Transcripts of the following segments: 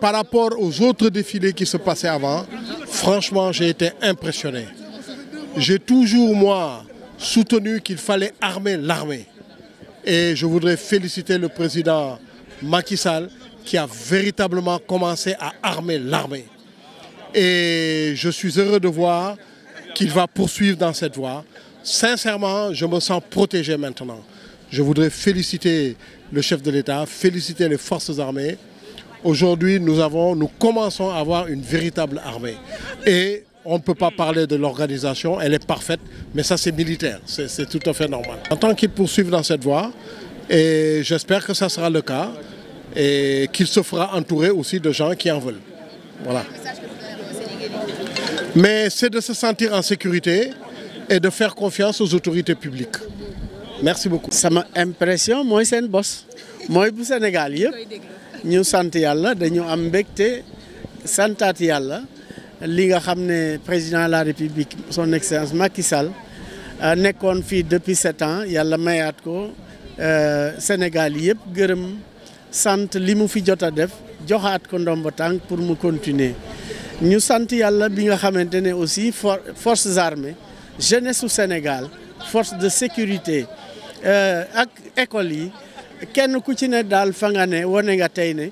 par rapport aux autres défilés qui se passaient avant, franchement, j'ai été impressionné. J'ai toujours, moi, soutenu qu'il fallait armer l'armée. Et je voudrais féliciter le président Macky Sall qui a véritablement commencé à armer l'armée. Et je suis heureux de voir qu'il va poursuivre dans cette voie. Sincèrement, je me sens protégé maintenant. Je voudrais féliciter le chef de l'État, féliciter les forces armées, Aujourd'hui, nous, avons, nous commençons à avoir une véritable armée. Et on ne peut pas parler de l'organisation, elle est parfaite, mais ça c'est militaire, c'est tout à fait normal. En tant qu'ils poursuivent dans cette voie, et j'espère que ça sera le cas, et qu'il se fera entourer aussi de gens qui en veulent. Voilà. Mais c'est de se sentir en sécurité et de faire confiance aux autorités publiques. Merci beaucoup. Ça m'a impression, moi c'est un boss. Moi, pour Sénégal, ñu sant yàlla dañu am mbégte santaat yàlla li nga xam ne président de la république son excellence Macky Sall euh, nekkoon fii depuis sept ans yàlla mayaat ko euh, Sénégal yëpp gërëm sant li mu fi jot a def joxaat ko ndomba tànk pour mu continuer ñu sant yàlla bi nga xamante ne aussi forces armées jeunesse su Sénégal force de sécurité euh, ak école yi kenn ku ci ne daal fanga ne wane nga tey ne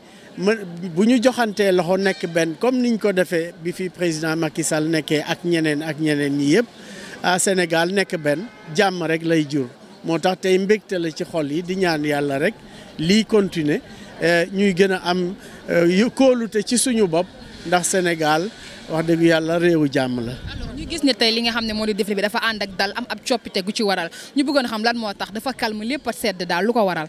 bu ñu joxantee loxo nekk benn comme niñ ko defee bi fi président Macky Sall nekkee ak ñeneen ak ñeneen ñi yëpp a Sénégal nekk benn jàmm rek lay jur moo tax tey mbégte la ci xol yi di ñaan yàlla rek lii continuer eh, ñuy gën a am eh, kóolute ci suñu bopp ndax Sénégal wax dëgg yàlla réewu jàmm la. ñu gis ne tey li nga xam ne moo di défilé bi dafa ànd ak dal am ab coppite ku ci waral ñu bëggoon xam lan moo tax dafa calme lépp sedd daal lu ko waral.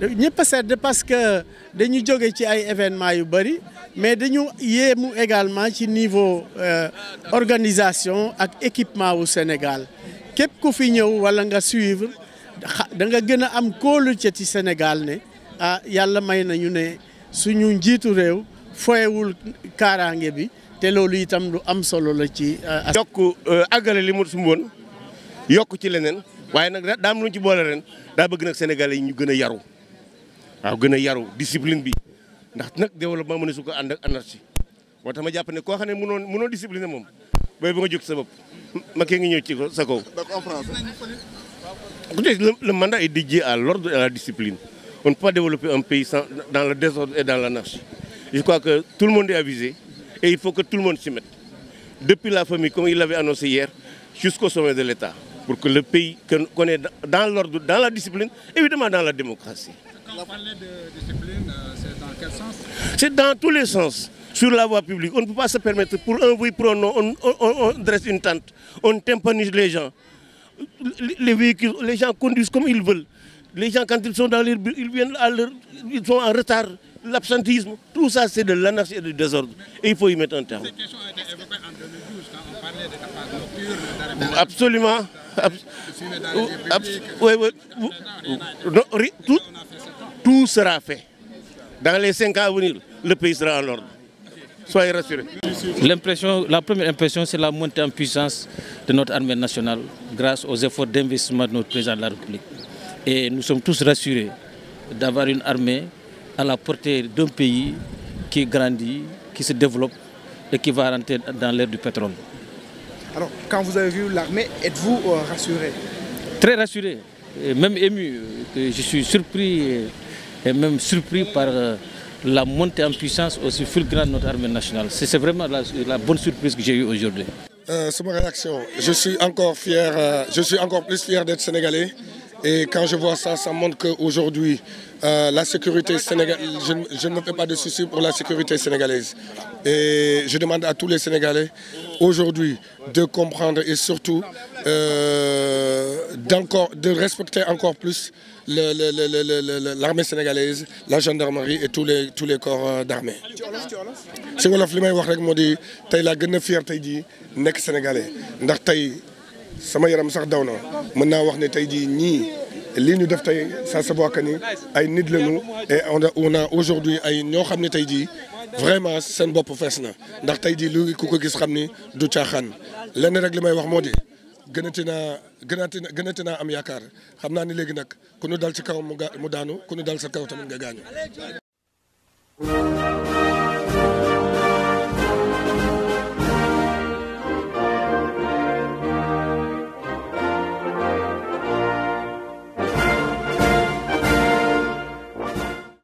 ñëpp a sedd parce que dañu joge ci ay événement yu bëri mais dañu yéemu également ci niveau euh, organisation ak équipement wu Sénégal képp ku fi ñëw wala nga suivre da nga gën a am kóolute ci Sénégal ne ah yàlla may nañu ne suñu njiitu réew foyewul kaaraange bi te loolu itam lu am solo la ci. Euh, yokk euh, àggale li mu sumboon yokk ci leneen waaye nag daam lu ñu ci boole ren daa bëgg nag Sénégalais yi ñu gën a yaru. waaw gën a yaru discipline bi ndax nag développement mu ne su ko ànd ak anarchie moo ma jàpp ne koo xam ne mënoon mënoon discipline moom bay ba nga jóg sa bopp ma kee ngi ñëw ci sa kaw. le mandat est dédié à l'ordre et à la discipline on ne peut pas développer un pays sans dans le désordre et dans l'anarchie je crois que tout le monde est avisé et il faut que tout le monde s'y mette depuis la famille comme il l'avait annoncé hier jusqu'au sommet de l'État pour que le pays qu'on est dans l'ordre dans la discipline Quand vous parlez de discipline, euh, c'est dans tous les sens. Sur la voie publique, on ne peut pas se permettre, pour un oui, pour un non, on, on, dresse une tente, on tympanise les gens. Les véhicules, les gens conduisent comme ils veulent. Les gens, quand ils sont dans leur ils viennent à leur, ils sont en retard. L'absentisme, tout ça, c'est de l'anarchie et du désordre. Et il faut y mettre un terme. Ces questions ont été évoquées en tout sera fait. Dans les cinq ans à venir, le pays sera en ordre. la première impression, c'est la montée en puissance de notre armée nationale grâce aux efforts d'investissement de notre président de la République. Et nous sommes tous rassurés d'avoir une armée à la portée d'un pays qui grandit, qui se développe et qui va rentrer dans l'ère du pétrole. Euh, Très rassuré, même ému. Euh, je suis surpris et même surpris par euh, la montée en puissance aussi fulgurante de notre armée nationale. C'est vraiment la, la, bonne surprise que j'ai eue aujourd'hui. Euh, c'est ma réaction. Je suis encore fier, euh, je suis encore plus fier d'être sénégalais. Et quand je vois ça, ça montre qu'aujourd'hui, euh, la sécurité sénégalaise, je, je, ne me fais pas de soucis pour la sécurité sénégalaise. Et je demande à tous les Sénégalais aujourd'hui de comprendre et surtout euh, de respecter encore plus l'armée sénégalaise, la gendarmerie et tous les, tous les corps euh, d'armée. C'est ce que je veux dire, c'est la plus fière de sénégalais. sama yaram sax daw na mën naa wax ne tey jii nii lii ñu def tey ça se voit ni ay nit lañu et on a on a aujourd'hui ay ñoo xam ne tey jii vraiment seen bopp fees na ndax tey jii lu ku ko gis xam ni du caaxaan lenn rek li may wax moo di gënati naa gënati na gënati naa am yaakaar xam naa ni léegi nag ku ñu dal ci kaw mu daanu ku ñu dal sa kaw tamit nga gaañu.